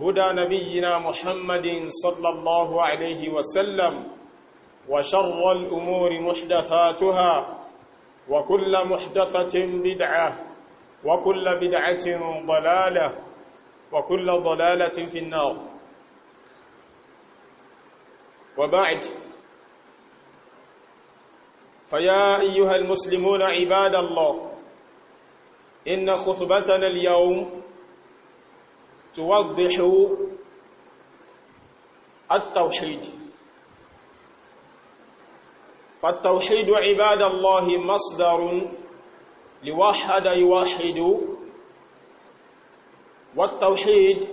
هدى نبينا محمد صلى الله عليه وسلم وشر الأمور محدثاتها وكل محدثة بدعة وكل بدعة ضلالة وكل ضلالة في النار وبعد فيا أيها المسلمون عباد الله إن خطبتنا اليوم توضح التوحيد فالتوحيد عباد الله مصدر لوحد يوحد والتوحيد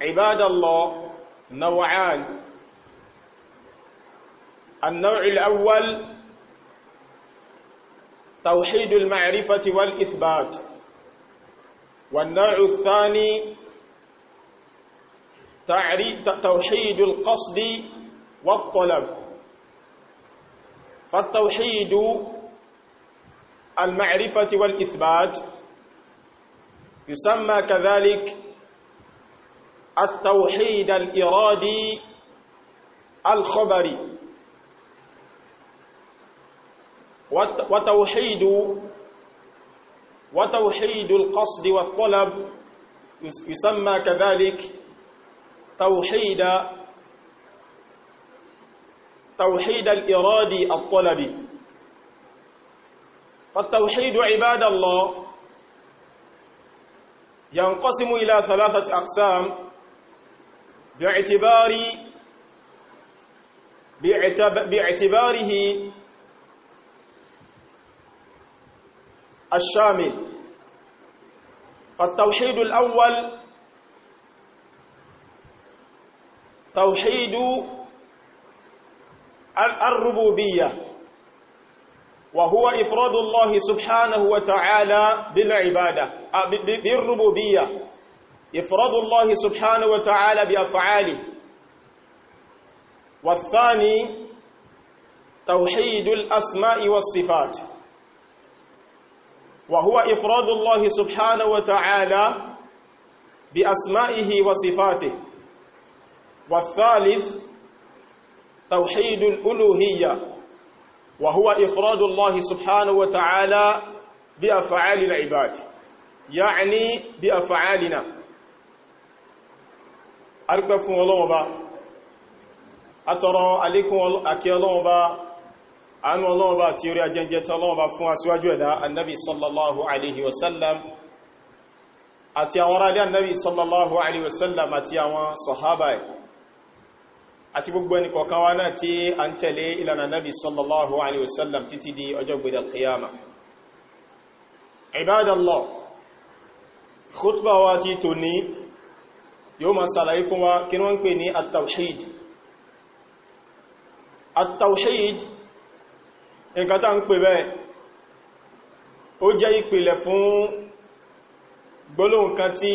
عباد الله نوعان النوع الأول توحيد المعرفة والإثبات والنوع الثاني توحيد القصد والطلب فالتوحيد المعرفة والإثبات يسمى كذلك التوحيد الإرادي الخبري وتوحيد وتوحيد القصد والطلب يسمى كذلك توحيد توحيد الإرادي الطلبي فالتوحيد عباد الله ينقسم إلى ثلاثة أقسام باعتبار باعتباره الشامل فالتوحيد الأول توحيد الربوبية وهو إفراد الله سبحانه وتعالى بالعبادة آه، بالربوبية إفراد الله سبحانه وتعالى بأفعاله والثاني توحيد الأسماء والصفات وهو إفراد الله سبحانه وتعالى بأسمائه وصفاته والثالث توحيد الألوهية وهو إفراد الله سبحانه وتعالى بأفعال العباد يعني بأفعالنا أركب فون الله أترى عليكم أكي الله àánú ọlọ́run bá tí orí ajẹ́jẹ́ tí ọlọ́run bá fún aṣíwájú ẹ̀dá annabi sallallahu alaihi wasallam àti àwọn rádí annabi sallallahu alaihi wasallam àti àwọn sọ̀hábà àti gbogbo ẹni kọ̀ọ̀kan wa náà tí a ń tẹ̀lé ìlànà annabi sallallahu alaihi wasallam títí di ọjọ́ gbẹ̀dẹ̀ qiyama at-tawhid at-tawhid nǹkan tá ń pè bẹ́ẹ̀ ó jẹ́ ìpìlẹ̀ fún gbólóhùn kan tí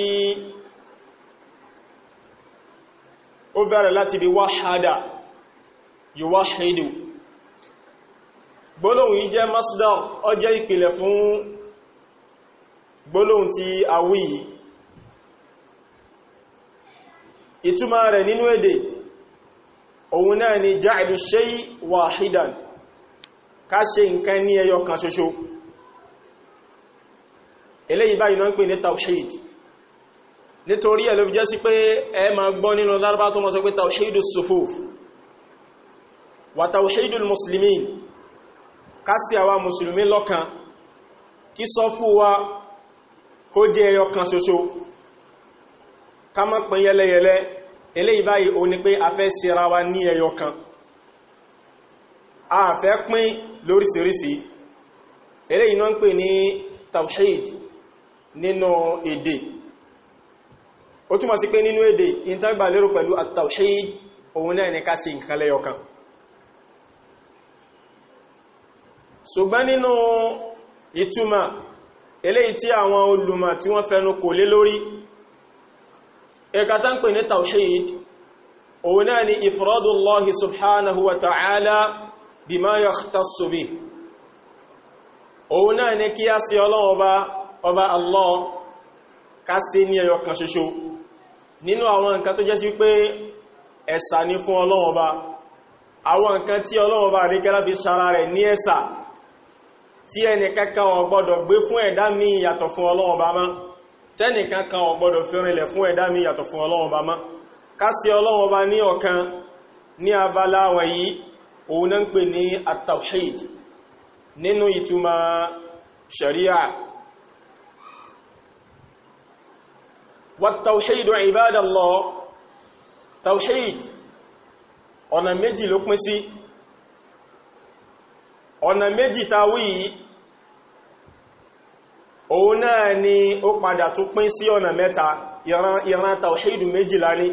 ó bẹ̀rẹ̀ láti bí wáhádà yuwahidu gbólóhùn yìí jẹ́ masdar ó jẹ́ ìpìlẹ̀ fún gbólóhùn tí a wí rẹ̀ nínú èdè òun náà ni ja'lu shay wahidan ká ṣe nǹkan ní ẹyọ kan ṣoṣo eléyìí báyìí náà ń pè ní tawhid nítorí ẹ̀ ló fi jẹ́ sí pé ẹ ma gbọ́ nínú lárúbá tó mọ́ sọ pé tawhidu sufuf wa tawhidu muslimin ká sí àwa mùsùlùmí lọ́kan kí sọ́fù wa kó jẹ́ ẹyọ kan ṣoṣo ká má pín yẹlẹyẹlẹ eléyìí báyìí ó ní pé a fẹ́ síra wa ní ẹyọ kan àfẹ́ pín lóríṣiríṣi eré iná ń pè ní tawhid nínú èdè ó túnmọ̀ sí pé nínú èdè ìntàgbà lérò pẹ̀lú at-tawhid òun náà ní ká sí nǹkan lẹ́yọkan ṣùgbọ́n nínú ìtumà eléyìí tí àwọn olùmọ̀ tí wọ́n fẹnu kò lé lórí ẹ̀ka ń pè ní tawhid òun náà ni ifradullahi bima yakhtassu bihi òun náà ní kí a sí ọlọ́run ọba ọba Allah ká sí ní ẹyọ kan ṣoṣo nínú àwọn nǹkan tó jẹ́ sí pé ẹ̀sà ní fún ọlọ́run ọba àwọn nǹkan tí ọlọ́run ọba àríkẹ́lá fi ṣara rẹ̀ ní ẹ̀sà tí ẹnìkankan ò gbọ́dọ̀ gbé fún ẹ̀dá mi yàtọ̀ fún ọlọ́run ọba mọ́ ní abala wọ̀nyí òun náà ń pè ní at-tawhid nínú ìtumà sharia wat-tawhid ibadallah tawhid ọ̀nà méjì ló pín sí ọ̀nà méjì tàwí òun náà ni ó padà tó pín sí ọ̀nà mẹ́ta ìran ìran tawhid méjìlá ní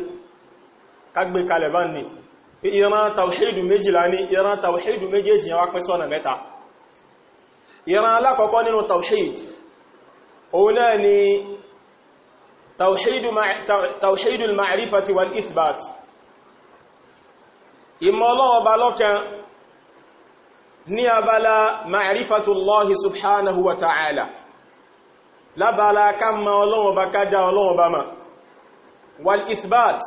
kágbé kalẹ̀ bá ní ìran tàwíìdù méjìlá ní ìran tàwíìdù méjèèjì yẹn wá pín sọ́nà mẹ́ta ìran alákọ̀ọ́kọ́ nínú tàwíìd òun náà ni tàwíìdù al-ma'rifati wal ithbat ìmọ̀ Ọlọ́hun bá lọ́kan ní abala ma'rifatullahi subhanahu wa ta'ala lábala ká ma Ọlọ́hun bá ká dá bá ma wal ithbat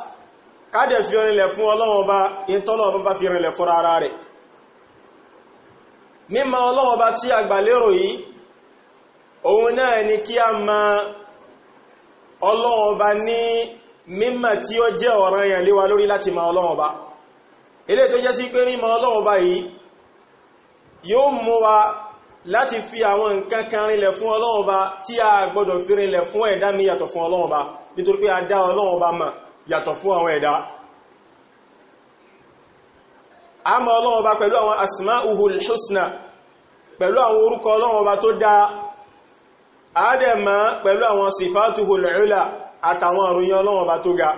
káàdẹ̀ fi rinlẹ̀ fún ọlọ́wọ́ bá in tọ́lọ́wọ́ bá fi rinlẹ̀ fún ara rẹ̀ mímọ̀ ọlọ́wọ́ bá tí a gbà lérò yìí òun náà ni kí a ma ọlọ́wọ́ bá ní mímọ̀ tí ó jẹ́ ọ̀ràn èèyàn léwa lórí láti ma ọlọ́wọ́ bá ilé tó jẹ́ sí pé mímọ̀ ọlọ́wọ́ bá yìí yóò mú wa láti fi àwọn nǹkan kan rinlẹ̀ fún ọlọ́wọ́ tí a gbọ́dọ̀ fi rinlẹ̀ fún ẹ̀dá mi yàtọ̀ fún ọlọ́wọ́ nítorí pé a dá ọlọ́wọ́ mọ̀ yàtọ̀ fún àwọn ẹ̀dá a mọ̀ ọlọ́wọ́ bá pẹ̀lú àwọn asma'uhul husna pẹ̀lú àwọn orúkọ ọlọ́wọ́ bá tó dáa àádẹ́mà pẹ̀lú àwọn sifatuhul ula àtàwọn àròyìn ọlọ́wọ́ bá tó ga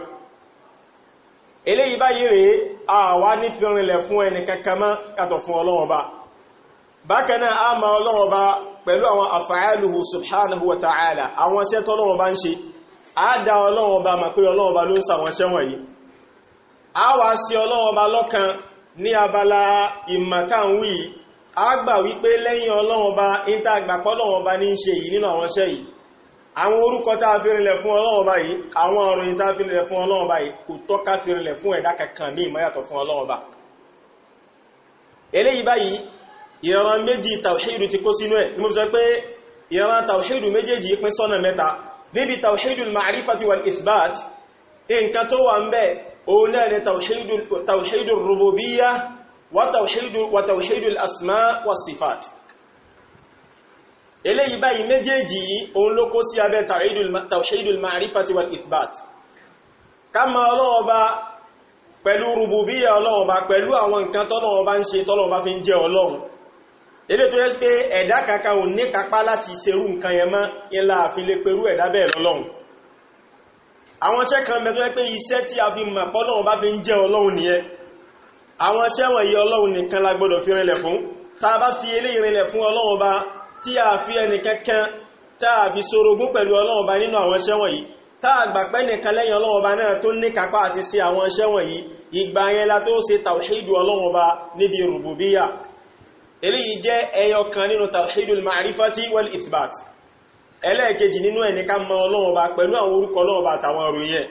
eléyìí báyìí rèé àwa ní fìrìnlẹ̀ fún ẹni kankan mọ́ yàtọ̀ fún ọlọ́wọ́ bá a dá ọlọ́run ọba mà pé ọlọ́run ọba ló ń sàwọn ṣẹ́wọ̀n yìí a wá sí ọlọ́run ọba lọ́kan ní abala ìmọ̀tàwí a gbà wípé lẹ́yìn ọlọ́run ọba níta àgbàpọ̀ ọlọ́run ọba ní í ṣe yìí nínú àwọn iṣẹ́ yìí àwọn orúkọ tá a fi rinlẹ̀ fún ọlọ́run ọba yìí àwọn ọ̀ròyìn tá a fi rinlẹ̀ fún ọlọ́run ọba yìí kò tọ́ka fi rinlẹ̀ fún ẹ̀dá níbi tawhidul ma'rifati wal ithbat nǹkan tó wà ń bẹ òun náà ni tawhidul rububiyya wa tawhidul wa tawhidul asma wa sifat eléyìí báyìí méjèèjì òun ló kó sí abẹ́ tawhidul ma'rifati wal ithbat ká mọ̀ Ọlọ́hun Ọba pẹ̀lú rububiyya Ọlọ́hun pẹ̀lú àwọn nǹkan tọ́lọ́hun ń ṣe tọ́lọ́hun fi ń jẹ́ Ọlọ́hun ilé tó yẹ́ sí pé ẹ̀dá kankan ò ní kápá láti ṣerú nǹkan yẹn mọ́ ilá àfi lè perú ẹ̀dá bẹ́ẹ̀ lọ́lọ́run àwọn iṣẹ́ kan bẹ̀ tó yẹ́ pé iṣẹ́ tí a fi mọ̀ pọ́lọ́run bá fi ń jẹ́ ọlọ́run nìyẹn àwọn iṣẹ́ wọ̀nyí ọlọ́run nìkan la gbọ́dọ̀ fi rinlẹ̀ fún tá a bá fi eléyìí rinlẹ̀ fún ọlọ́run ọba tí a fi ẹnìkankan tá a fi sorogún pẹ̀lú ọlọ́run ọba nínú àwọn iṣẹ́ wọ̀nyí tá a gbà pé nìkan lẹ́yìn ọlọ́run ọba náà tó ní kápá àti ṣe àwọn iṣẹ́ wọ̀nyí ìgbà yẹn la tó ṣe tàwíìdù ọlọ́run ọba níbi rùbùbíyà eléyìí jẹ́ ẹyọ kan nínú tawhidul ma'rifati wal ithbat ẹlẹ́ẹ̀kejì nínú ẹni ká mọ ọlọ́run ọba pẹ̀lú àwọn orúkọ ọlọ́run ọba àtàwọn ọ̀rọ̀ yẹn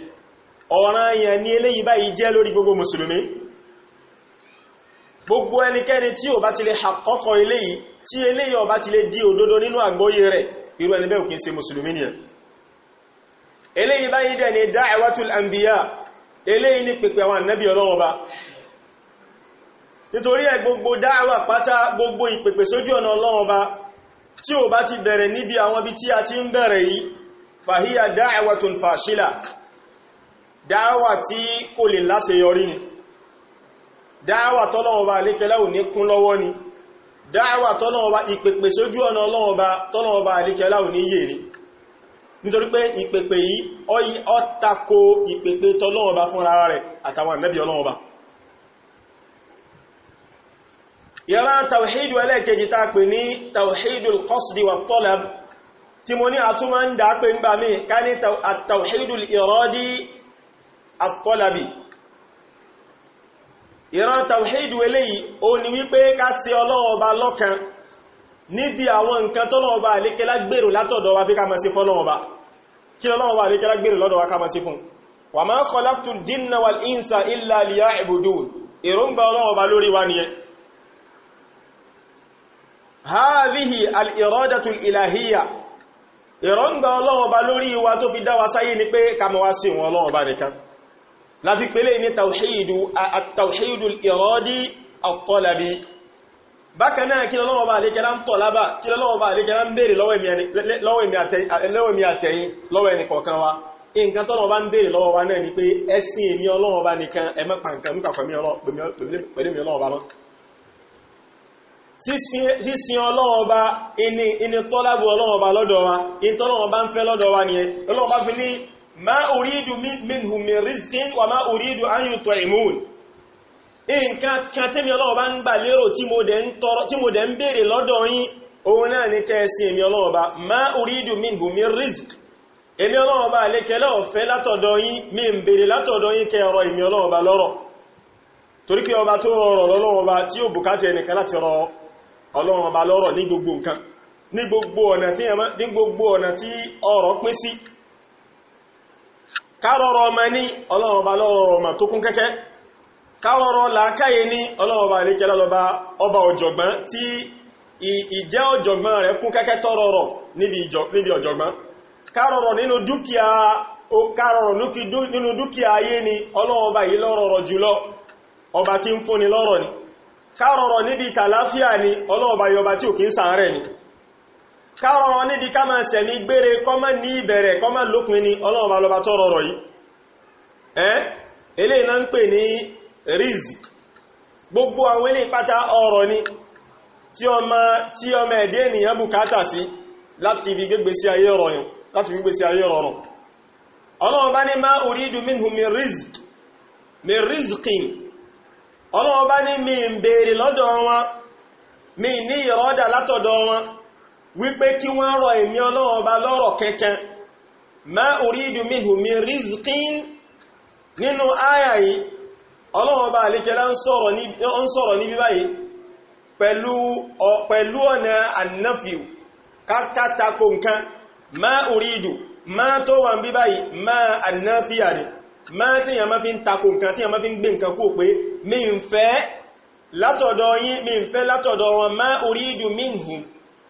ọ̀ràn yẹn ní eléyìí báyìí jẹ́ lórí gbogbo mùsùlùmí gbogbo ẹnikẹ́ni tí ó bá ti lè àkọ́kọ́ eléyìí tí eléyìí ó bá ti lè di òdodo nínú àgbọ́yé rẹ̀ irú nítorí ẹ̀ gbogbo dáwà pátá gbogbo ìpèpè sójú ọ̀nà ọlọ́run ọba tí ò bá ti bẹ̀rẹ̀ níbi àwọn ibi tí a ti ń bẹ̀rẹ̀ yìí fàhíyà dáwà tó ń fàṣílà dáwà tí kò lè láṣeyọrí ni dáwà tọ́lọ́run ọba àlékẹ́lá ò ní kún lọ́wọ́ ni dáwà tọ́lọ́run ọba ìpèpè sójú ọ̀nà ọlọ́run ọba tọ́lọ́run ọba àlékẹ́lá ò yàrá tàwíhìdù ẹlẹ́ẹ̀kejì tá pè ní tàwíhìdù kọ́sìdì wà tọ́lẹ̀m tí mo ní àtúmọ̀ ń dá pé ń gbà mí ká ní tàwíhìdù ìrọ́dí àtọ́lẹ̀bì yàrá tàwíhìdù eléyìí ó ní wípé ká ṣe ọlọ́ọba lọ́kan níbi àwọn nǹkan tọ́lọ́ọba àlékẹ́lá gbèrò látọ̀dọ̀ wa bí ká máa ṣe fọ́lọ́ọba hádìhì al'irọ́dàtù ìlàhíyà ìrọ́ǹgà ọlọ́ọ̀ba lórí wa tó fi dáwa sáyé ni pé kamawa sí wọn ọlọ́ọ̀ba nìkan láfi pélé ní tàwíìdù ìrọ́dí àtọ́labi bákanáà kí lọ́wọ́ba àlékẹ́lá ń tọ́lába kí lọ́wọ́ba àlékẹ́lá ń bèèrè lọ́wọ́ ẹni kọ̀ọ̀kan wa nǹkan tọ́lọ̀ bá ń bèèrè lọ́wọ́ wa náà ni pé ẹ̀sìn èmi ọlọ́wọ́ bá nìkan ẹmẹ́pàá nǹkan mú pàpàmí ọlọ́wọ́ sísin ọlọ́wọ́ bá iní tọ́lábù ọlọ́wọ́ bá lọ́dọ̀ wa in tọ́lọ́wọ́ bá ń fẹ́ lọ́dọ̀ wa nìyẹn ọlọ́wọ́ bá fi ní ma uridu minhum min rizqin wa ma uridu an yut'imun nǹkan kan tẹ́mi ọlọ́wọ́ bá ń gbà lérò tí mo dẹ̀ ń béèrè lọ́dọ̀ yín ma uridu minhum min rizq èmi ọlọ́wọ́ bá lékẹ́lẹ́ ọ̀fẹ́ látọ̀dọ̀ yín mi ń béèrè látọ̀dọ̀ yín kẹ́ ọ̀rọ̀ èmi ọlọ́wọ́ bá lọ́rọ̀ torí kí ọba tó rọrọ̀ lọ́lọ́wọ́ bá tí ó bùkátẹ̀ ẹnìkan láti rọ ọlọ́run ọba lọ́rọ̀ ní gbogbo nǹkan ní gbogbo ọ̀nà tí ẹmọ́ ní gbogbo ọ̀nà tí ọ̀rọ̀ pín sí kárọ̀rọ̀ ọmọ ní ọlọ́run ọba lọ́rọ̀ ọmọ tó kún kẹ́kẹ́ kárọ̀rọ̀ làákàyè ní ọlọ́run ọba àlékẹ́lá lọ́ba ọba ọ̀jọ̀gbọ́n tí ìjẹ́ ọ̀jọ̀gbọ́n rẹ̀ kún kẹ́kẹ́ tọ́rọ̀rọ̀ níbi ọ̀jọ̀gbọ́n kárọ̀rọ̀ nínú dúkìá ó kárọ̀rọ̀ nínú dúkìá ayé ni ọlọ́run ọba yìí lọ́rọ̀rọ̀ jùlọ ọba kárọ̀rọ̀ níbi kàláfíà ni ọlọ́ọ̀bá yọba tí ò kí ń sàárẹ̀ ni kárọ̀rọ̀ níbi ká máa sẹ̀mí gbére kọ́mọ́ ní ìbẹ̀rẹ̀ kọ́mọ́ lópin ni ọlọ́ọ̀bá lọba tọ́ rọrọ̀ yìí ẹ́ eléyìí náà ń pè ní rizq gbogbo àwọn ilé pátá ọrọ̀ ni tí ọmọ tí ọmọ ẹ̀dẹ́ ènìyàn ọlọ́wọ́ ni ní mi ń béèrè lọ́dọ̀ wọn mi ní ìrọ́dà látọ̀dọ̀ wọn wípé kí wọ́n rọ èmi ma uridu minhum min rizqin nínú àyà yìí ọlọ́wọ́ àlékẹ́lá ń sọ̀rọ̀ níbi báyìí pẹ̀lú ọ̀nà annafiu ma uridu ma ma ma tí yàn má fi ń takò nǹkan tí fi ń gbé nǹkan kú mi ń fẹ́ látọ̀dọ̀ yín mi ń fẹ́ látọ̀dọ̀ wọn má uridu minhum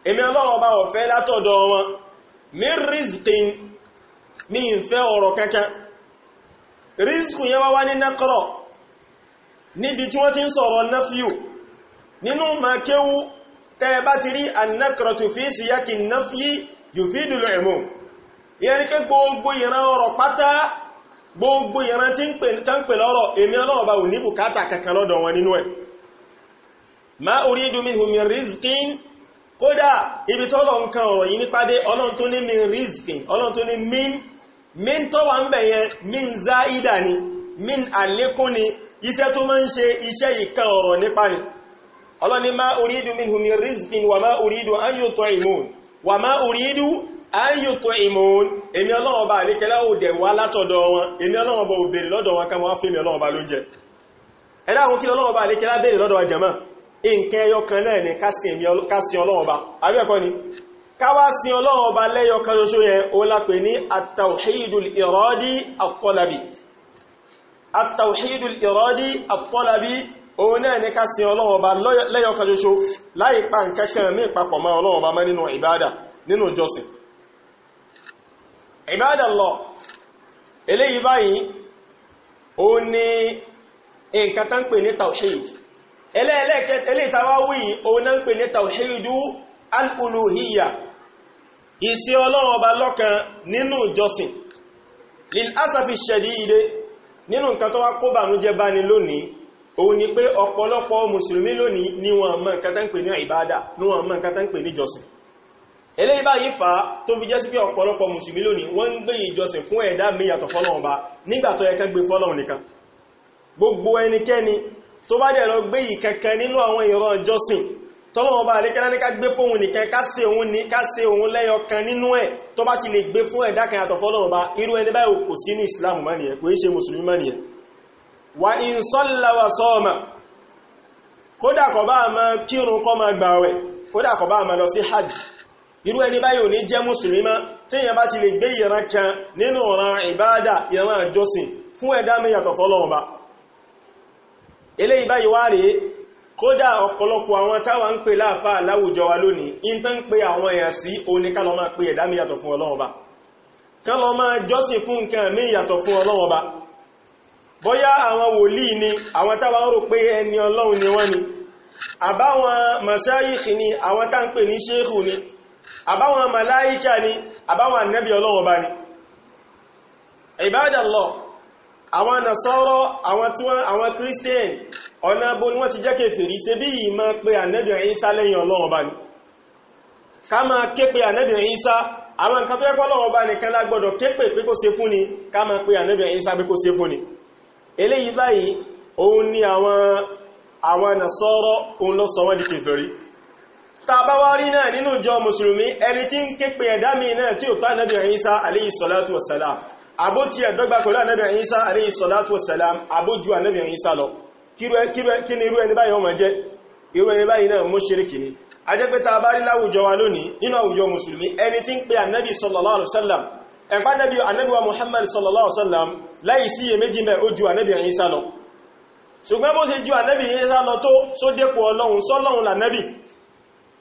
èmi ọlọ́run ọba ò fẹ́ látọ̀dọ̀ wọn mi rizqin mi ń fẹ́ ọ̀rọ̀ kankan rizqu yẹn wá wá ní nakọ́rọ̀ níbi tí wọ́n ti ń sọ̀rọ̀ nafiu nínú makéwu tẹ́ bá ti rí annakọ̀rọ̀tù fi síyákin fi yufidul umum yẹn ni gbogbo ìran ọ̀rọ̀ pátá gbogbo ìran tí ń pè lọ́rọ̀ èmi ọlọ́ọ̀bá ò ní bùkátà kankan lọ́dọ̀ wọn nínú ẹ̀ ma uridu minhum min rizqin kódà ibi tọ́lọ̀ nǹkan ọ̀rọ̀ yìí nípàdé ọlọ́run tó ní min rizqin ọlọ́run min min tọ́wà ń min záídà ni min àlékún ni iṣẹ́ tó máa ń ṣe iṣẹ́ ìkan ọ̀rọ̀ nípa ni ma uridu minhum min ma uridu ayòtò ìmòun èmi ọlọ́wọ́ bá àlékẹ́lá ò dẹ̀ wá látọ̀dọ̀ wọn èmi ọlọ́wọ́ bá ò bèèrè lọ́dọ̀ wọn káwọn fẹ́ mi ọlọ́wọ́ bá ló jẹ ẹ̀dá àwọn kí lọ́wọ́ bá àlékẹ́lá bèèrè lọ́dọ̀ ọjàmọ́ nǹkan ẹyọ náà ni ká sin ọlọ́wọ́ ní at iradi at-talabi iradi at-talabi òun náà ní ká sin ọlọ́wọ́ bá lẹ́yọ kan ṣoṣo láì pa nǹkan kan mí Ibadallah eléyìí báyìí ó ní nǹkan tán pè ní tawhid eléyìí ó náà pè ní tawhidu al-uluhiyya ìsí ọlọ́run ọba lọ́kan nínú ìjọsìn lil asafi shadid nínú nǹkan tó wá kó bànújẹ́ bá ní lónìí òun ni pé ọ̀pọ̀lọpọ̀ mùsùlùmí lónìí ni wọ́n mọ̀ nǹkan tán pè ní ni wọ́n mọ̀ nǹkan tán pè eléyìí báyìí fa tó fi jẹ́ sí pé ọ̀pọ̀lọpọ̀ mùsùlùmí lónìí wọ́n ń gbé ìjọsìn fún ẹ̀dá mi yàtọ̀ fọ́lọ́run ba nígbà tó yẹ kán gbé fọ́lọ́run nìkan gbogbo ẹnikẹ́ni tó bá dẹ̀ lọ gbé ìkankan nínú àwọn ìran ìjọsìn tọ́lọ́wọ́n bá alékẹ́lá ní ká gbé fóhun nìkan ká ṣe òun ní ká ṣe òun lẹ́yọ kan nínú ẹ̀ tó bá wa sọ́ọ̀mà kódà kó bá máa kírun kó máa gbààwẹ̀ kódà kó bá máa lọ sí hajj irú ẹni báyìí ò ní jẹ́ mùsùlùmí mọ́ téèyàn bá ti lè gbé ìran kan nínú ọ̀ràn ìbáàdà ìran àjọsìn fún ẹ̀dá mi yàtọ̀ fọ́lọ́run ba wá rèé kódà ọ̀pọ̀lọpọ̀ àwọn táwa ń pè láàfà láwùjọ wa lónìí in tán ń pe àwọn èèyàn sí òní ká lọ máa pe ẹ̀dá mi yàtọ̀ fún ọlọ́run ba ká lọ máa jọ́sìn fún nǹkan mi yàtọ̀ fún ọlọ́run ba bóyá àwọn wòlíì ni àwọn táwa ń rò pé ẹni ni wọ́n àbáwọn màláíkà ni àbáwọn ànábì ọlọ́wọ́ bá ní Ibadallah àwọn nasọ́rọ̀ àwọn tí kristian, àwọn christian ọ̀nà bó ní wọ́n ti jẹ́ kèfèrí ṣe bí yìí máa pe ànábì Ìsá lẹ́yìn ọlọ́wọ́ bá ní ká ké àwọn nǹkan tó bá lágbọ́dọ̀ ké pé kó fún ni ká máa pe ànábì Ìsá pé kó fún ni eléyìí tàbáwárí náà nínú ìjọ mùsùlùmí ẹni tí ń ké pé ẹ̀dá mi náà tí ó tá Ànábì Ìsá alayhi salatu wassalam àbó tí ẹ̀dọ́gba pẹ̀lú Ànábì Ìsá alayhi salatu wassalam àbó ju Ànábì Ìsá lọ kí ni irú ẹni báyìí ó máa jẹ́ irú ẹni báyìí náà mushriki ni a jẹ́ pé tàbárí láwùjọ wa lónìí nínú àwùjọ mùsùlùmí ẹni tí ń pé Ànábì sallallahu alaihi wasallam ẹ̀pá Ànábì wa Muhammad sallallahu alaihi wasallam láì sí iyèméjì mẹ́ ó ṣùgbọ́n bó ṣe ju Ànábì Ìsá lọ tó sódépò Ọlọ́run sọ́lọ́run lànẹ́bì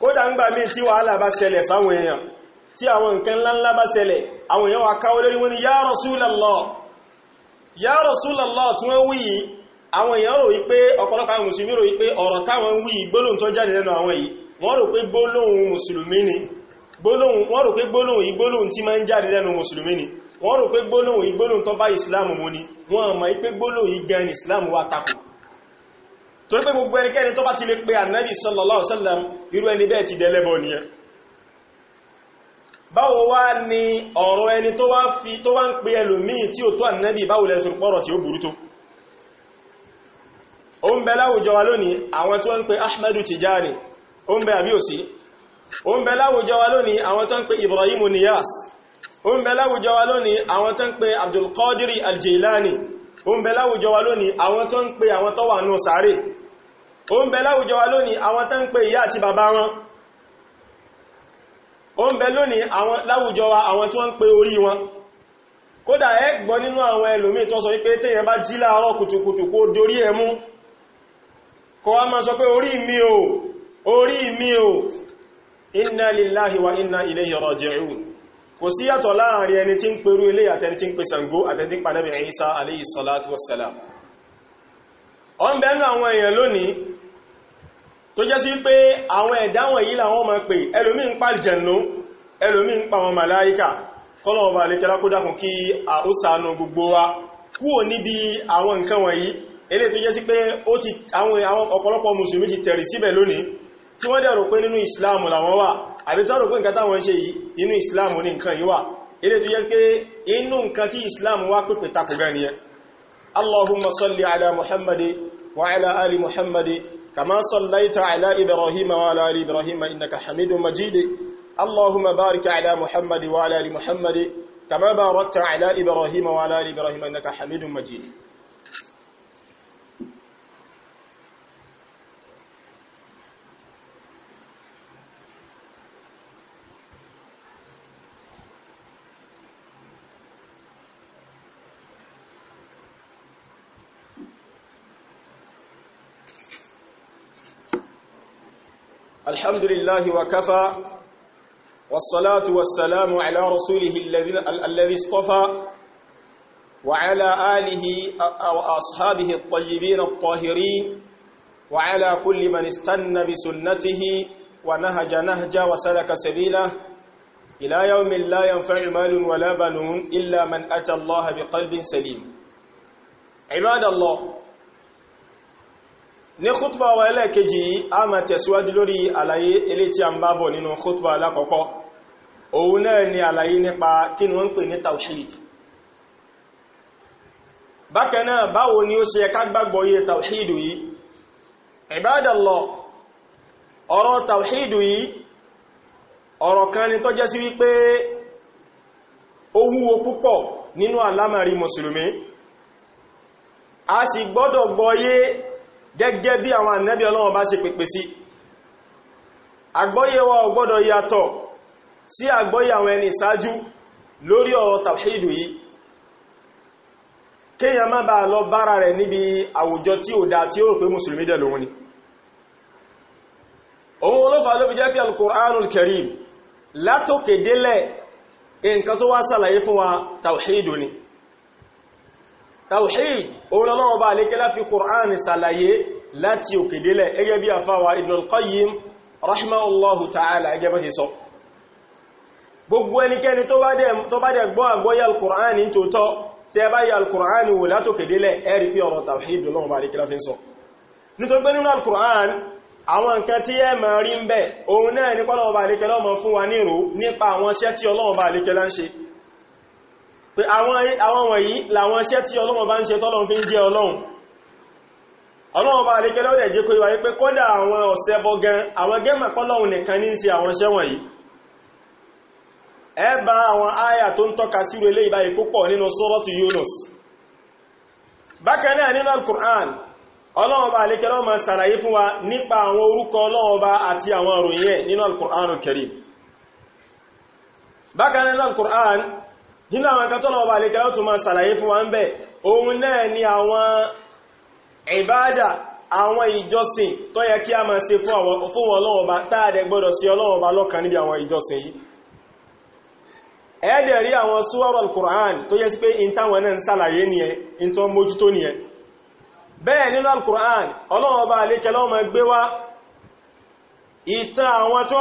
kódà ń gbà míì tí wàhálà bá ṣẹlẹ̀ sáwọn èèyàn tí àwọn nǹkan ńláńlá bá ṣẹlẹ̀ àwọn èèyàn wà káwọ́ lórí wọn ni ya Rasulallah ya Rasulallah tí wọ́n wí yìí àwọn èèyàn rò wípé ọ̀pọ̀lọpọ̀ àwọn mùsùlùmí rò wípé ọ̀rọ̀ táwọn wí gbólóhùn tó jáde lẹ́nu àwọn yìí wọ́n rò pé gbólóhùn mùsùlùmí ni wọ́n rò pé gbólóhùn yìí gbólóhùn tí máa ń jáde lẹ́nu mùsùlùmí ni wọ́n rò pé gbólóhùn yìí gbólóhùn tó bá ìsìláàmù mu ni wọ́n mọ̀ pé gbólóhùn yìí gan ìsìláàmù wa takò torí pé gbogbo ẹnikẹ́ni tó bá ti lè pe ànábì sallallahu alaihi wasallam irú ẹni bẹ́ẹ̀ ti dẹlẹ́bọ nìyẹn báwo wá ni ọ̀rọ̀ ẹni tó wá fi tó wá ń pe ẹlòmíì tí ó tó ànábì báwo lẹ́sùn pọ̀rọ̀ tí ó burú tó ó ń bẹ láwùjọ wa lónìí àwọn tí ń pe Ahmadu Tijani ó ń bẹ àbí òsì ń bẹ láwùjọ wa lónìí àwọn tó ń pe Ibrahim Niyas ó ń bẹ láwùjọ wa lónìí àwọn tó ń pe Abdul Qadir al ń bẹ láwùjọ wa lónìí àwọn tó ń pe àwọn tó wà nù sáré ó ń bẹ láwùjọ wa lónìí àwọn tán ń pe ìyá àti bàbá wọn ó ń bẹ lónìí àwọn láwùjọ wa àwọn tí wọ́n ń pe orí wọn kódà ẹ gbọ́ nínú àwọn ẹlòmíì tó sọ wípé téèyàn bá jí láàárọ̀ kùtùkùtù kó dorí ẹ mú kó wá máa sọ pé orí mi o orí mi o inna lillahi wa inna ilayhi raji'un kò sí yàtọ̀ láàrin ẹni tí ń perú ilé àtẹni tí ń pe Ṣàngó àtẹni tí ń pa Ànábì Ìsá alayhi salatu wassalam ó ń bẹ àwọn èèyàn lónìí tó jẹ́ sí pé àwọn ẹ̀dá wọ̀nyí làwọn máa pè ẹlòmí ń pa àlùjànnú ẹlòmí ń pa àwọn màláíkà kọ́lọ̀wọ̀ bá lè tẹ́lá kó dákun kí ó ṣàánú gbogbo wa kúrò níbi àwọn nǹkan wọ̀nyí eléyìí tó jẹ́ sí pé àwọn ọ̀pọ̀lọpọ̀ mùsùlùmí ti tẹ̀rì síbẹ̀ lónìí tí wọ́n dẹ̀ rò pé islam làwọn wà àbí tó rò pé nǹkan táwọn ṣe yìí islam ní nǹkan yìí wà eléyìí tó jẹ́ islam wá pèpè allahumma salli ala muhammadi wa ala ali muhammadi كما صليت على إبراهيم وعلى آل إبراهيم إنك حميد مجيد اللهم بارك على محمد وعلى آل محمد كما باركت على إبراهيم وعلى آل إبراهيم إنك حميد مجيد الحمد لله وكفى والصلاة والسلام على رسوله الذي اصطفى وعلى آله وأصحابه الطيبين الطاهرين وعلى كل من استنى بسنته ونهج نهجا وسلك سبيله إلى يوم لا ينفع مال ولا بنون إلا من أتى الله بقلب سليم عباد الله ní khutba wa ẹlẹ́ẹ̀kejì yìí a máa tẹ̀síwájú lórí àlàyé elé tí a ń bá bọ̀ nínú khutba alákọ̀ọ́kọ́ òun náà ni àlàyé nípa kí ni wọ́n ń pè ní tawhid bákan náà báwo ni ó ṣe ká gbàgbọ́ yé tawhid yìí ibadallah ọ̀rọ̀ tawhid yìí ọ̀rọ̀ kan ni tó sí wípé ó wúwo púpọ̀ nínú àlámàrí mùsùlùmí a sì gbọ́dọ̀ gbọ́yé gẹ́gẹ́ bí àwọn ànábì Ọlọ́run bá ṣe pèpè sí àgbọ́yé wa ò gbọ́dọ̀ yàtọ̀ sí àgbọ́yé àwọn ẹni ìsáájú lórí ọ̀rọ̀ tàwíìdù yìí kéèyàn má bàa lọ bára rẹ̀ níbi àwùjọ tí ò dá tí ó rò pé mùsùlùmí dẹ̀ lòun wa tàwíìdù ni tawhid òun lọ́wọ́ bá lékẹ́ láfi Qur'an sàlàyé láti òkè délẹ̀ ẹgẹ́ bí àfáwà Ibn al-Qayyim rahimahullahu ta'ala ẹgẹ́ bá ti sọ gbogbo ẹnikẹ́ni tó bá dẹ̀ gbọ́ àgbọ́yà al-Qur'an ní tòótọ́ tẹ́ bá yà al-Qur'an wò látòkè délẹ̀ ẹ̀rí pé ọ̀rọ̀ tawhid lọ́wọ́ bá lékẹ́ láfi sọ nítorí pé nínú al-Qur'an àwọn nǹkan tí ẹ máa rí ń bẹ òun náà nípa Ọlọ́run bá lékẹ́ fún wa nírò nípa àwọn iṣẹ́ tí Ọlọ́run bá lékẹ́ ń ṣe pé àwọn wọ̀nyí làwọn iṣẹ́ tí ọlọ́run bá ń ṣe tọ́lọ́run fi ń jẹ́ ọlọ́run ọlọ́run bá lè kẹ́lẹ́ ọ̀dẹ̀ jẹ́ kó ìwà wípé kọ́dà àwọn ọ̀sẹ̀ bọ́ gan àwọn gẹ́mà pọ́lọ́run nìkan ní ṣe àwọn iṣẹ́ wọ̀nyí ẹ bá àwọn áyà tó ń tọ́ka sí Yunus bákan náà nínú al-Qur'an ọlọ́run bá lè kẹ́lẹ́ ọmọ sàlàyé fún wa nípa àwọn orúkọ ọlọ́run bá àti àwọn ìròyìn ẹ̀ al-Qur'an al-Karim bákan náà al-Qur'an nínú àwọn akátọ́nà ọba àlekẹ́ láti máa sàlàyé fún wa ń bẹ̀ ohun náà ni àwọn ìbádà àwọn ìjọsìn tó yẹ kí a máa ṣe fún Ọlọ́run Ọba táàdẹ gbọ́dọ̀ sí Ọlọ́run Ọba lọ́kan níbi àwọn ìjọsìn yìí ẹ̀ẹ́dẹ̀ rí àwọn súwọ́rọ̀ al-Qur'an tó yẹ sí pé in táwọn náà ń sàlàyé nìyẹn in tó mójútó nìyẹn bẹ́ẹ̀ nínú al-Qur'an Ọlọ́run Ọba àlekẹ́ ló máa gbé wá ìtàn àwọn tó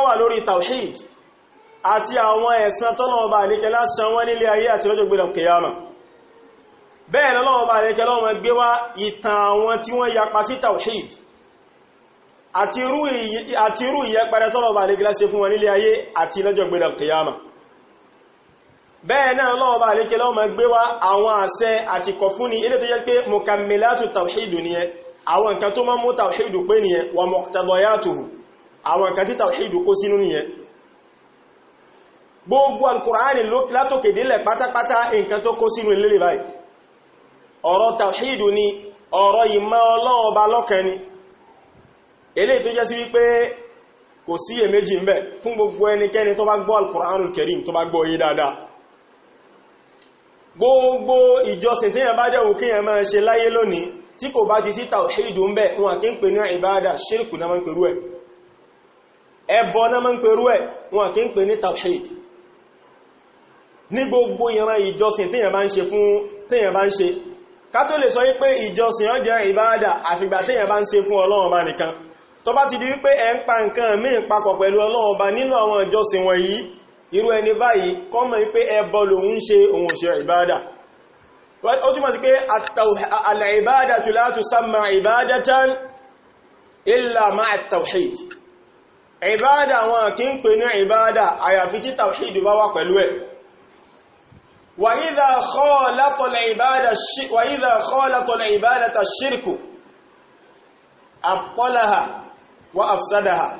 àti àwọn ẹ̀san tọ́lọ̀ọba àríkẹlá san wọ́n nílé ayé àti lọ́jọ́ gbẹ̀rẹ̀ kìyàmà bẹ́ẹ̀ lọ́lọ́ọba àríkẹlá wọn gbé wá ìtàn àwọn tí wọ́n yapa sí tawhid àti irú ìyẹpẹrẹ tọ́lọ̀ọba àríkẹlá ṣe fún wọn nílé ayé àti lọ́jọ́ gbẹ̀rẹ̀ kìyàmà bẹ́ẹ̀ náà lọ́ọba àríkẹlá wọn gbé wá àwọn àṣẹ àti kọfúnni ilé tó jẹ́ pé mukammilatu wa muqtadayatuhu àwọn nǹkan tí tawhid kó gbogbo al látòkè délẹ̀ pátápátá nǹkan tó kó sínú ilé báyìí ọ̀rọ̀ tawhidu ni ọ̀rọ̀ ìmọ̀ Ọlọ́run ọba lọ́kan ni eléyìí tó jẹ́ sí wípé kò sí èméjì ńbẹ̀ fún gbogbo ẹnikẹ́ni tó bá gbọ́ tó gbogbo náà tawhidu ń pèrú ẹ̀ tawhid ní gbogbo ìran ìjọsìn tíyàn bá ń ṣe fún tíyàn bá ń ṣe ká tó lè sọ wípé ìjọsìn ó jẹ́ ìbáadà àfìgbà tíyàn bá ń ṣe fún ọlọ́run ọba nìkan tó bá ti di wípé ẹ ń pa nǹkan míì papọ̀ pẹ̀lú ọlọ́run ọba nínú àwọn ìjọsìn wọ̀nyí irú ẹni báyìí kọ́mọ̀ wípé ẹbọ lòun وإذا خالط العبادة وإذا خالط العبادة الشرك أبطلها وأفسدها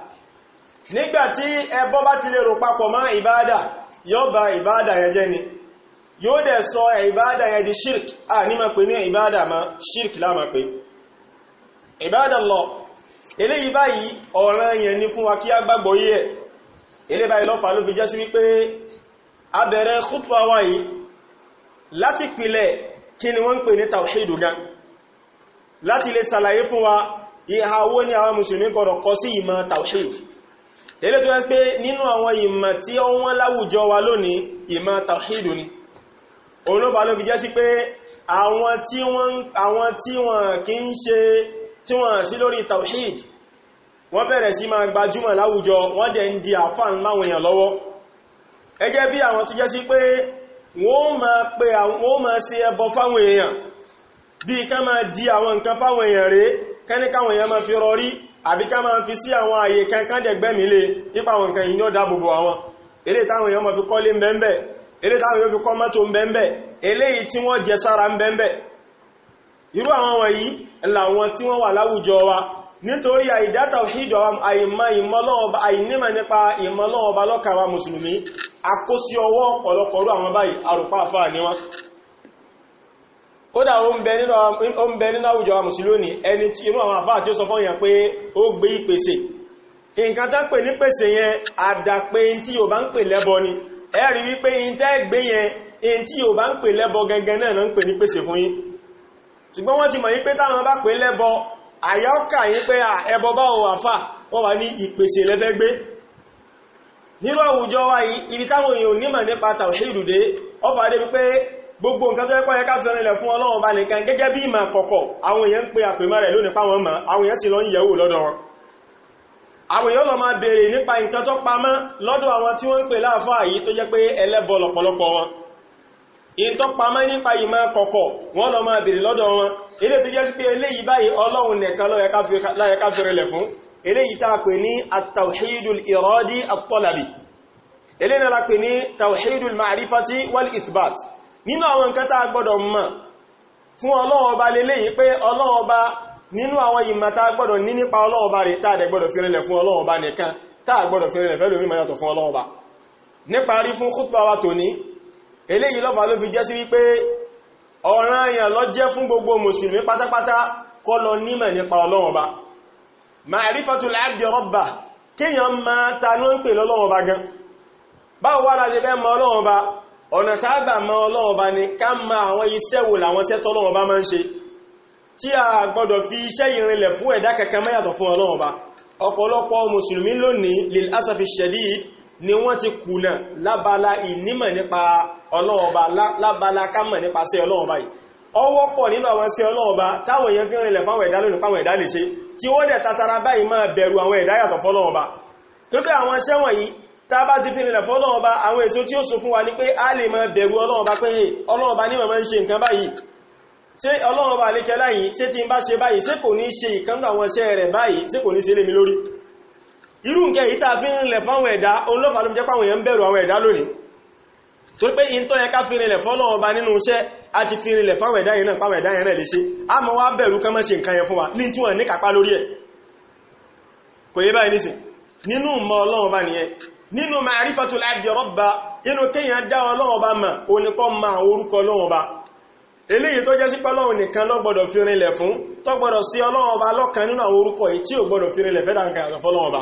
nígbàtí ẹbọ bá ti lè rò papọ̀ mọ́ ìbádà yóò bà ìbádà yẹn jẹ́ ni yóò dẹ̀ sọ ìbádà yẹn di shirk a ní ma pè ní ìbádà ma shirk láma pé ìbádà lọ eléyìí báyìí ọ̀ràn yẹn ni fún wa kí a gbàgbọ́ yìí ẹ̀ eléyìí báyìí lọ́fà ló fi jẹ́ sí wípé abẹ̀rẹ̀ khutbah wa láti pìlẹ̀ kí ni wọ́n ń pè ní tawhidu gan láti lè sàlàyé fún wa ìhà wo ni àwọn mùsùlùmí gbọ́dọ̀ kọ sí ìmọ̀ tawhid tẹ́lẹ̀ tó yẹ́ pé nínú àwọn ìmọ̀ tí ó wọ́n láwùjọ wa lónìí ìmọ̀ tawhidu ni òun ló fà ló fi jẹ́ sí pé àwọn tí wọ́n kì ń ṣe tí wọ́n sí lórí tawhid wọ́n bẹ̀rẹ̀ wọ́n ma pè àwọn wọ́n máa ṣe ẹbọ fáwọn èèyàn bí ká di àwọn nǹkan fáwọn èèyàn rẹ̀ kẹ́ni káwọn èèyàn fi rọrí àbí ká ma fi sí àwọn àyè kankan dẹ̀gbẹ́mílé nípa àwọn nǹkan yìí ní ọ̀dá gbogbo àwọn eré táwọn èèyàn máa fi kọ́lé mbẹ́mbẹ́ eré fi kọ́ nítorí àìdáta òṣìjọ àìmọ̀ ìmọ̀lọ́ọba àìnímọ̀ nípa ìmọ̀lọ́ọba lọ́kàwà mùsùlùmí àkósí ọwọ́ ọ̀pọ̀lọpọ̀rú àwọn báyìí àrùpá àfáà ní wọn kódà o ń bẹ nínú àwùjọ mùsùlùmí ẹni tí inú àwọn àfáà tí ó sọ fún yẹn pé ó gbé ìpèsè nǹkan tá pè ní pèsè yẹn àdàpé tí yóò bá ń pè ni ẹ rí wípé ìntẹ́ gbé yẹn tí yóò bá ń pè lẹ́bọ gẹ́gẹ́ náà ń pè ní pèsè fún yín ṣùgbọ́n wọ́n ti mọ̀ yí pé táwọn bá pè àyọ́kà yí pé ẹbọ bá wọn àfà wọ́n wà ní ìpèsè lẹ́fẹ́ gbé nírò àwùjọ wa yìí ibi táwọn èèyàn nímọ̀ nípa tàwíìdù dé ọfà wípé gbogbo nǹkan tó ẹkọ́ yẹ ká fẹ́rin lẹ̀ fún Ọlọ́run bá nìkan gẹ́gẹ́ bí ìmọ̀ kọ̀kọ̀ àwọn èèyàn ń pe àpèmọ́ rẹ̀ lónìí páwọn mọ̀ àwọn èèyàn sì lọ ń yẹ̀wò lọ́dọ̀ wọn àwọn èèyàn lọ máa béèrè nípa nǹkan tó pamọ́ lọ́dọ̀ àwọn tí wọ́n ń pè ìtọ́pamọ́ nípa ìmọ̀ kọ̀kọ̀ wọ́n lọ máa bèèrè lọ́dọ̀ wọn ilé tó jẹ́ sí pé eléyìí báyìí ọlọ́run nìkan lọ́yẹ ká fẹ́rẹ̀ lẹ̀ fún eléyìí tá a pè ní at-tawhidul iradi at-talabi eléyìí náà la pè ní tawhidul ma'rifati wal ithbat nínú àwọn nǹkan tá a gbọ́dọ̀ mọ̀ fún ọlọ́run ọba leléyìí pé ọlọ́run ọba nínú àwọn ìmọ̀ tá a gbọ́dọ̀ ní nípa ọlọ́run ọba rẹ̀ tá a dẹ̀ gbọ́dọ̀ fẹ́rẹ̀ lẹ̀ fún ọlọ́run ọba eléyìí lọ́fà ló fi jẹ́ sí wípé ọ̀ranyàn ló jẹ́ fún gbogbo mùsùlùmí pátápátá kó lọ nímọ̀ nípa Ọlọ́run Ọba ma'rifatul abdi rabbah kéèyàn máa tanú ń pè lọ́lọ́run Ọba gan ni ká mọ àwọn iṣẹ́ wo làwọn iṣẹ́ tọ́lọ́run Ọba máa ń ṣe tí a gbọ́dọ̀ fi iṣẹ́ ìrìnlẹ̀ fún ẹ̀dá kankan mẹ́yàtọ̀ ọ̀pọ̀lọpọ̀ mùsùlùmí lónìí lil asafi shadid ni wọ́n ti kùnà lábala ìnímọ̀ nípa ọlọ́ọ̀ba lábala kámọ̀ nípa sí ọlọ́ọ̀ba yìí ọwọ́ pọ̀ nínú àwọn sí ọlọ́ọ̀ba táwọn èèyàn fi ń rìnlẹ̀ fáwọn ẹ̀dá lónìí páwọn ẹ̀dá lè ṣe tí wọ́n dẹ̀ tatara báyìí máa bẹ̀rù àwọn ẹ̀dá yàtọ̀ fọ́lọ́ọ̀ba tó pé àwọn iṣẹ́ wọ̀nyí tá bá ti fi rìnlẹ̀ fọ́lọ́ọ̀ba àwọn èso tí ó sọ fún wa ni pé a lè máa bẹ̀rù ọlọ́ọ̀ba pé ọlọ́ọ̀ba ní màmá ń ṣe nǹkan báyìí ṣé ọlọ́ọ̀ba àlékẹ́ láyìí ṣé tí ń bá ṣe báyìí ṣé kò ní ṣe irú nkẹ́ ìta fi ń rìnlẹ̀ fáwọn ẹ̀dá olófà ló jẹ́ pàwọn èèyàn bẹ̀rù àwọn ẹ̀dá lónìí torí pé in tó yẹ ká fi rìnlẹ̀ fọ́lọ́ ọba nínú iṣẹ́ a ti fi rìnlẹ̀ fáwọn ẹ̀dá yẹn náà pàwọn ẹ̀dá yẹn náà lè ṣe a mọ́ wá bẹ̀rù kán mọ́ ṣe nǹkan yẹn fún wa ní tí wọ́n ní kápá lórí ẹ̀ kò yé báyìí tó jẹ́ sí pé nìkan ló fi rìnlẹ̀ fún tó sí ọlọ́run ọba lọ́kan nínú àwọn orúkọ yìí tí ò gbọ́dọ̀ fi rìnlẹ̀ fẹ́dà nǹkan ọba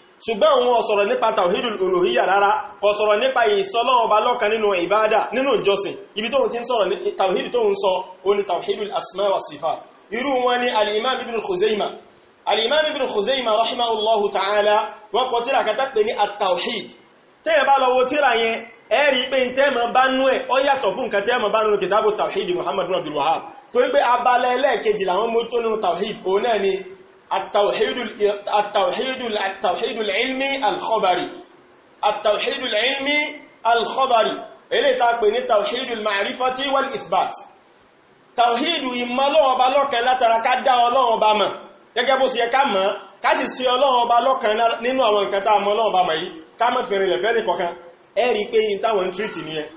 ṣùgbọ́n wọn sọ̀rọ̀ nípa tawhidul uluhiyya rárá kò sọ̀rọ̀ nípa ìsọlọ́wọ́ bá lọ́kan nínú ìbáadà nínú ìjọsìn ibi tó ti ń sọ̀rọ̀ tawhid tó ń sọ ó ní tawhidul asma wa sifat irú wọn ni al-imam ibn khuzaima al-imam ibn khuzaima rahimahullahu ta'ala wọn kọ tíra kata pé ní at-tawhid tẹ́ ẹ bá lọ wo التوحيد ilmi alkhobari àtàwíhìdù ilmi alkhobari èlé ta pè ní tàwíhìdù ma'rifati wal isbat tàwíhìdù ìmọ̀ Ọlọ́run Ọba lọ́kan látara ká dá Ọlọ́run Ọba mọ̀ gẹ́gẹ́ bó sì yẹ ká mọ̀ ká sì sí Ọlọ́run Ọba lọ́kan nínú àwọn nǹkan tá mọ̀ Ọlọ́run Ọba mọ̀ yìí ká mọ̀ fẹ̀rẹ̀ lẹ̀ fẹ́rẹ̀ kọ̀kan ẹ̀rí pé yìí táwọn ń tírìtì nìyẹn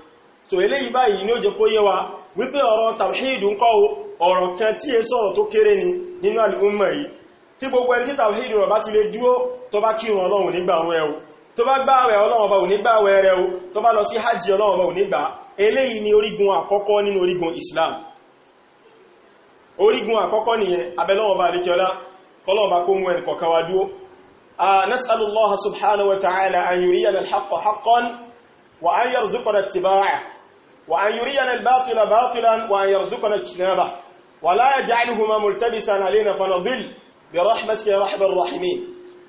so eléyìí báyìí ní ó jẹ́ kó yé wa wípé ọ̀rọ̀ tàwíhìdù ń kọ́ ọ̀rọ̀ kan tí è sọ̀rọ̀ tó kéré ni nínú àlùmọ̀ yìí tí gbogbo ẹni títà òhìdì rọ̀ bá ti lè dúó tó bá kírun ọlọ́run nígbà ọ̀run ẹ̀wò tó bá gbá àwẹ̀ ọlọ́run ọba òní gbà àwẹ̀ rẹ̀ o tó bá lọ sí hajj ọlọ́run ọba òní gbà eléyìí ni orígun àkọ́kọ́ nínú orígun Islam orígun àkọ́kọ́ nìyẹn abẹ́lọ́run ọba àdékẹ́ọlá kọ́lọ́run ọba kó نسأل الله سبحانه وتعالى أن يرينا الحق حقا وأن يرزقنا اتباعه وأن يرينا الباطل باطلا وأن يرزقنا اجتنابه ولا يجعلهما ملتبسا علينا فنضل برحمتك يا رحم الراحمين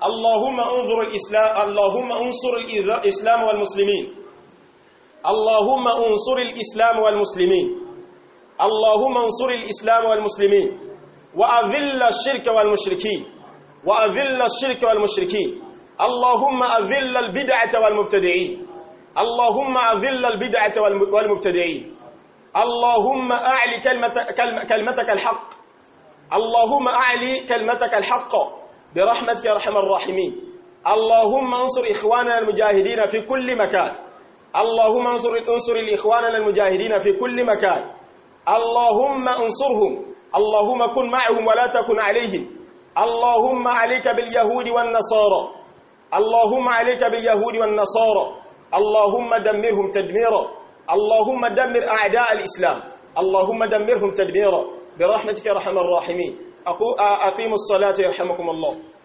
اللهم انظر الإسلام اللهم انصر الإسلام والمسلمين اللهم انصر الإسلام والمسلمين اللهم انصر الإسلام والمسلمين وأذل الشرك والمشركين وأذل الشرك والمشركين اللهم أذل البدعة والمبتدعين اللهم أذل البدعة والمبتدعين اللهم أعلي كلمة كلمتك الحق اللهم أعلي كلمتك الحق برحمتك يا أرحم الراحمين اللهم انصر إخواننا المجاهدين في كل مكان اللهم انصر انصر إخواننا المجاهدين في كل مكان اللهم انصرهم اللهم كن معهم ولا تكن عليهم اللهم عليك باليهود والنصارى اللهم عليك باليهود والنصارى اللهم دمرهم تدميرا اللهم دمر أعداء الإسلام اللهم دمرهم تدميرا برحمتك يا ارحم الراحمين أقو... أقيموا الصلاة يرحمكم الله